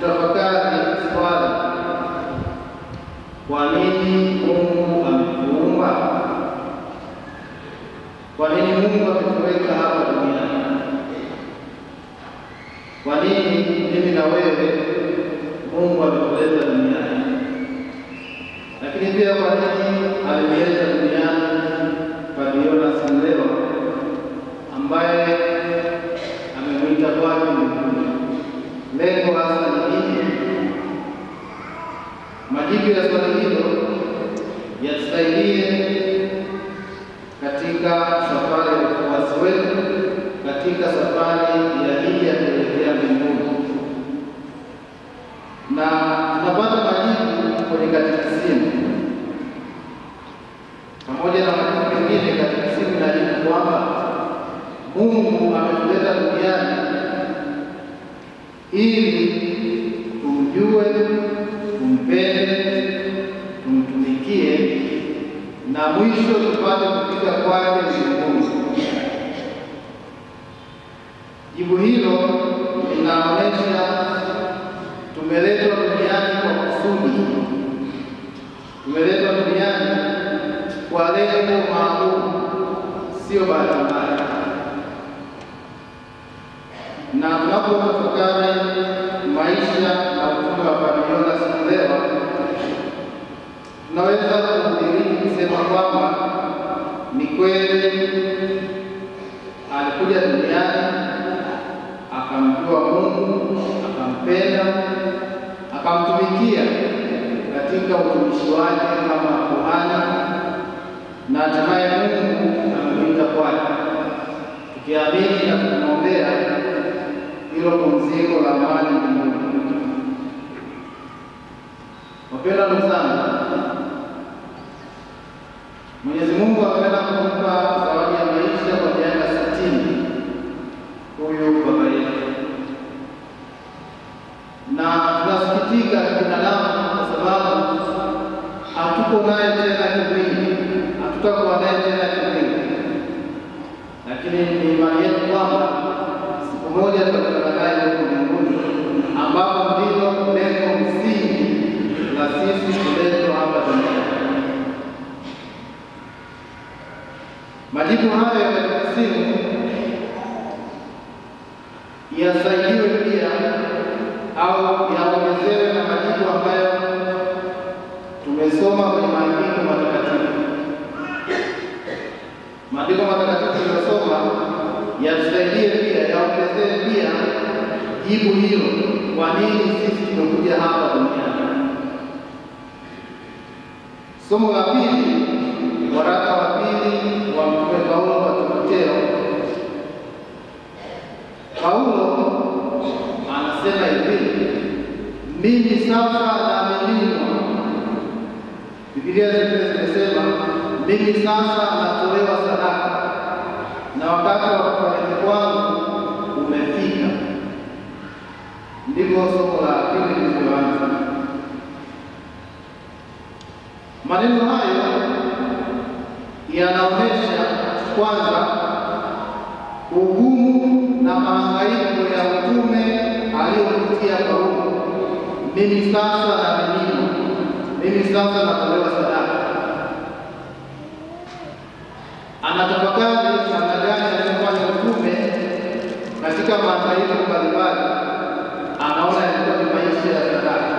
tafakari swali, kwa nini Mungu ametuumba Kwa nini Mungu ametuweka hapa duniani? Kwa nini mimi na wewe Mungu ametuleta duniani? Lakini pia kwa nini alileta duniani Padre Yonas ambaye amemwita kwake katika safari ya ufuasi wetu, katika safari ya hii ya kuelekea mbinguni, na tunapata majibu kwenye katekisimu pamoja na majibu mengine. Katekisimu inajibu kwamba Mungu ametuleta duniani ili tumjue, tumpende, tumtumikie na mwisho tupate kufutika kwake mzungumzi. Jibu hilo linaonyesha tumeletwa duniani kwa kusudi, tumeletwa duniani kwa lengo maalum, sio bahati mbaya. Na tunapotafakari maisha na utume wa Pamiola Sichilelwa tunaweza kudiriki kusema kwamba ni kweli alikuja duniani akamjua Mungu, akampenda, akamtumikia katika utumishi wake kama kuhani, na hatimaye Mungu amemwita kwake. Tukiamini na kumwombea hilo pumziko la amani. Wapendwa zangu imani yetu kwamba siku moja tutakutana naye huko mbinguni, ambapo ndilo lengo msingi la sisi kuletwa hapa duniani. Majibu hayo yakatukasimu yasaidiwe pia au yaongezewe na majibu ambayo tumesoma kwenye maandiko matakatifu maandiko matakatifu watuelezee pia jibu hilo, kwa nini sisi tumekuja hapa duniani. Somo la pili, waraka wa pili wa Mtume Paulo kwa Timotheo. Paulo anasema hivi, mimi sasa naaminiwa. Biblia zingine zimesema mimi sasa natolewa sadaka na wakati wa kufariki kwangu umefika. Ndivyo somo la pili lilivyoanza. Maneno hayo yanaonyesha kwanza ugumu na mahangaiko ya utume aliyopitia Paulo. Mimi sasa naaminiwa, mimi sasa natolewa sadaka, anatafakari katika mataifa mbalimbali, anaona yalikuwa ni maisha ya sadaka.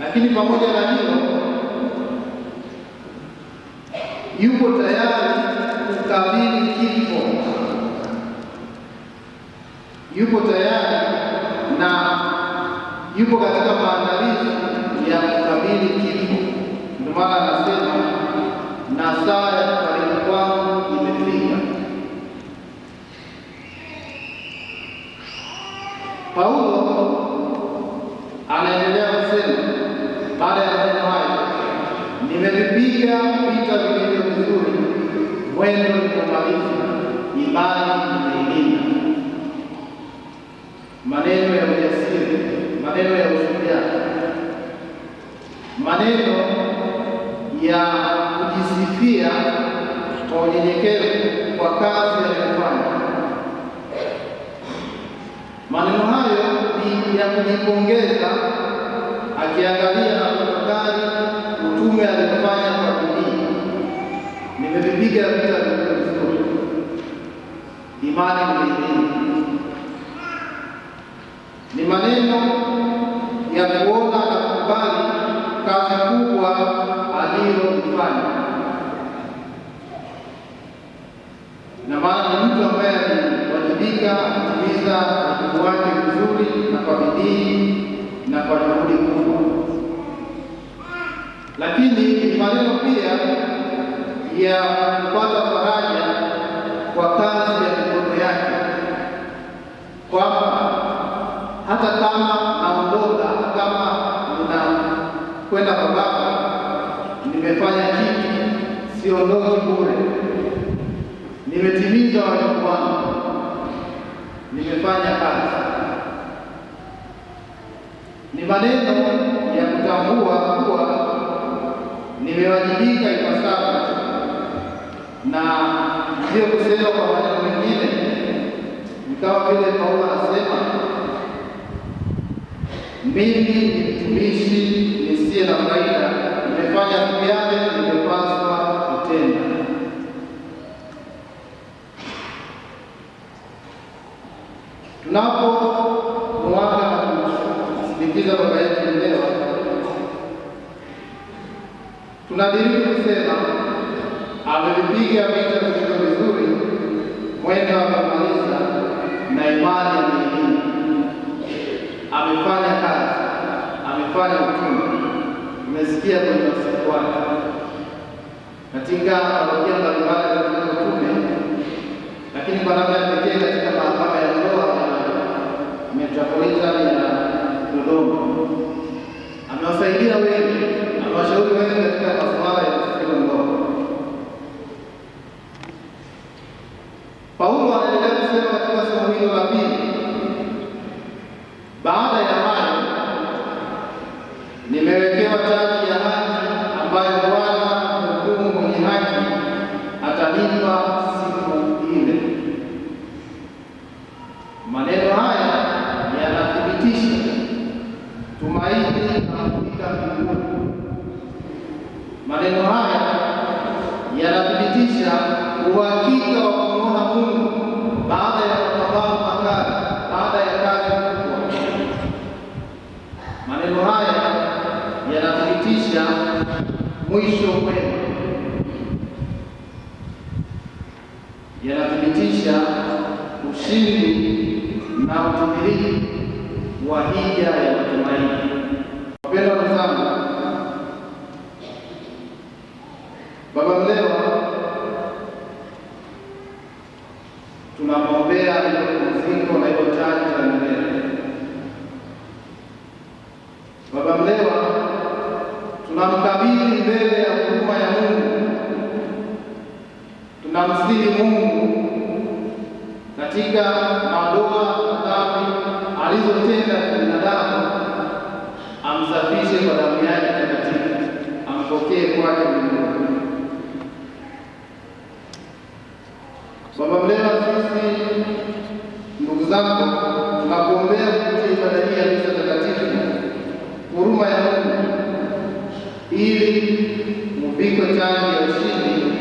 Lakini pamoja na hilo, yupo tayari kukabili kifo, yupo tayari na yupo katika maandalizi ya kukabili kifo. Ndio maana anasema na saa Paulo anaendelea kusema baada ya maneno hayo, nimevipiga vita vilivyo vizuri, mwendo nimeumaliza, imani nimeilinda. Maneno ya ujasiri, maneno ya ushujaa, maneno ya kujisifia kwa unyenyekevu kwa kazi maneno hayo ni ya kujipongeza, akiangalia na kutafakari utume alifanya kwa bidii. Nimevipiga vita vizuri, imani mlihii. Ni maneno ya kuona na kukubali kazi kubwa aliyoifanya, na maana ni mtu ambaye aliwajibika uwake vizuri na kwa bidii na kwa juhudi kubwa, lakini ni maneno pia ya kupata faraja kwa kazi ya mikono yake, kwamba hata kama naondoka, hata kama ninakwenda kwa Baba, nimefanya kitu, siondoki bure, nimetimiza limefanya kazi. Ni maneno ya kutambua kuwa nimewajibika ipasavyo, na sio kusema kwa maneno mengine, nikawa vile Paulo anasema mimi ni mtumishi nisiye na faida, nimefanya siku yake Mnadhiri kusema amelipiga vita katika vizuri mwendo wa na imani ya amefanya kazi, amefanya utume. Umesikia kwenye wasifu wake katika parokia mbalimbali katika utume, lakini kwa namna ya pekee katika mahakama ya ndoa metropolitani ya Dodoma amewasaidia wengi kisha tunafika mbinguni. Maneno haya yanathibitisha uhakika wa kumwona Mungu baada ya mapambano makali, baada ya kazi kubwa. Maneno haya yanathibitisha mwisho mwema, yanathibitisha ushindi na utimilifu wa hija mazingira wanayohitaji Tanzania. Baba Mlewa tunamkabidhi mbele ya huruma ya Mungu, tunamsihi Mungu katika madoa na dhambi alizotenda binadamu amsafishe kwa damu yake takatifu, ampokee kwake Mungu. Baba Mlewa sisi Ndugu zangu, tunakuombea kupitia ibada hii ya misa takatifu huruma ya Mungu ili muvikwe taji ya ushindi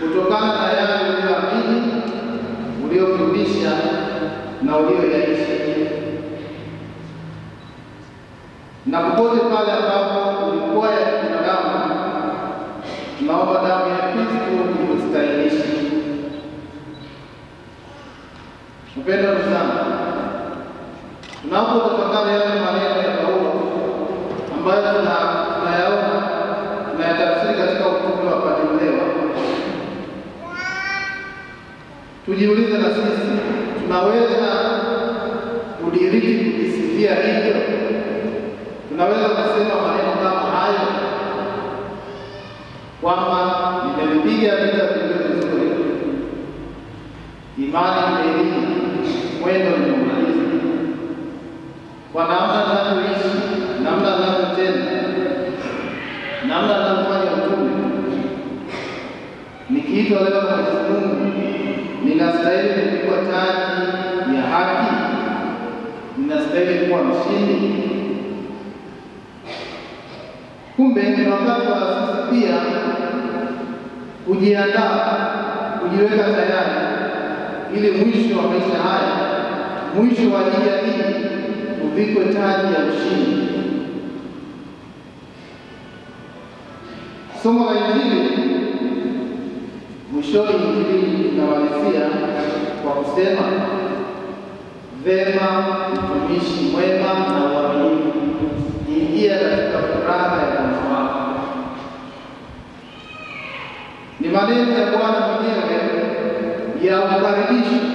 kutokana na yale ulioamini, uliofundisha na ulioyaishi na popote pale ambapo Mpendwa ndugu zangu, tunapotafakari yale maneno ya Paulo ambayo tunayaona tunayatafsiri katika utume wa Paniulewa, tujiulize na sisi tunaweza kudiriki kujisifia hivyo? Tunaweza kusema maneno kama hayo kwamba nimelipiga vita vilivyo vizuri, imani imelia mwendo kumaliza kwa namna anavyoishi, namna anavyotenda, namna anavyofanya utume. Nikiitwa leo na Mwenyezi Mungu, ninastahili kupigwa taji ya haki? Ninastahili kuwa mshindi? Kumbe tunapaswa sisi pia kujiandaa, kujiweka tayari, ili mwisho wa maisha haya mwisho wa njia hii uvikwe taji ya ushindi. Somo la Injili mwishoni, Injili inawalizia kwa kusema vema, mtumishi mwema na uaminifu, ingia katika furaha ya Bwana wako. Ni maneno ya Bwana mwenyewe ya kukaribisha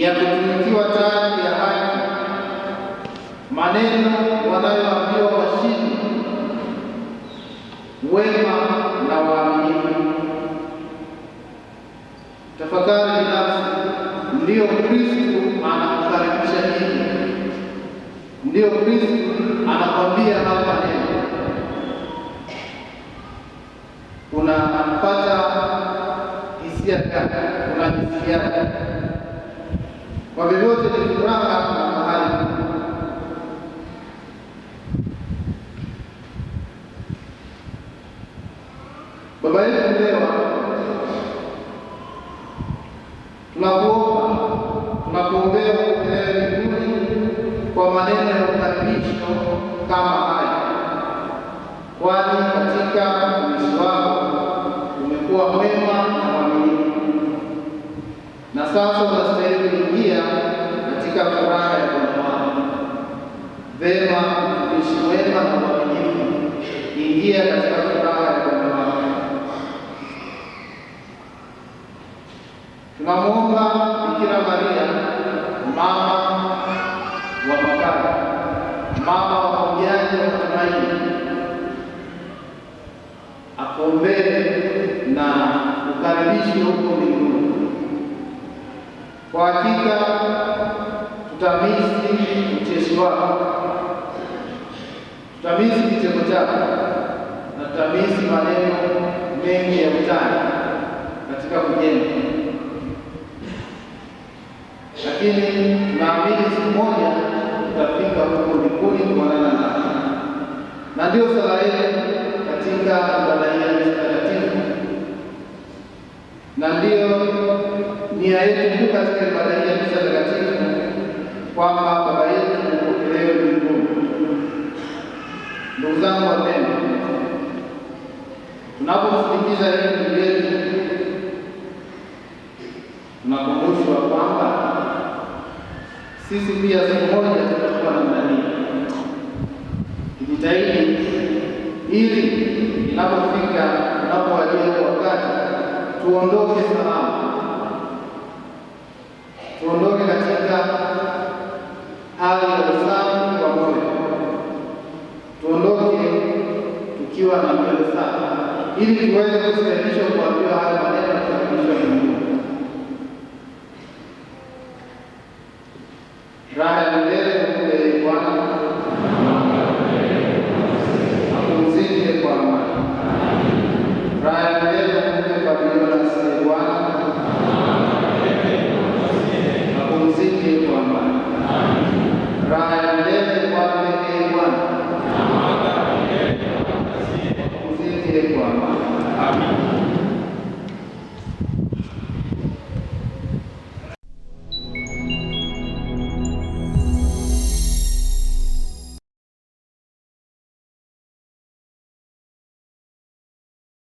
ya kutunukiwa taji ya haki. Maneno wanayoambiwa washindi, wema na waaminifu. Tafakari binafsi, ndiyo Kristu anakukaribisha hivi, Ndiyo Kristu anakwambia hapa neno, unapata hisia gani? Unajisikiaje? kwa vyovyote ni furaha na mahali Baba yetu leo tunakuomba, tunakuombea kuendelea vizuri kwa maneno ya ukaribisho kama haya, kwani katika uishi wako umekuwa mwema sasa unastahili kuingia katika furaha ya Bwana wako. Vema, mtumishi mwema na mwaminifu, ingia katika furaha ya Bwana wako. Tunamwomba Bikira Maria, mama wa mapata, mama wa mahujaji wa tumaini, akuombee na ukaribishe huko kwa hakika tutamisi ucheshi wako, tutamizi kicheko chako na tutamizi maneno mengi ya utani katika kujenga, lakini naamini siku moja tutafika huko mbinguni kuonana naye, na ndio sala yetu katika ibada hii takatifu, na ndio nia yetu kuu katika ibada hii ya misa takatifu kwamba Baba yetu upokelewe mbinguni. Ndugu zangu wapendwa, tunapomsindikiza yeye ndugu yetu, tunakumbushwa kwamba sisi pia siku moja tutakuwa na hii. Tujitahidi ili inapofika, inapowadia wakati tuondoke salama tuondoke katika hali ya usafi wa moyo, tuondoke tukiwa na moyo safi, ili tuweze kustahilisha kuambiwa haya maneno ya kustahilisha Mungu.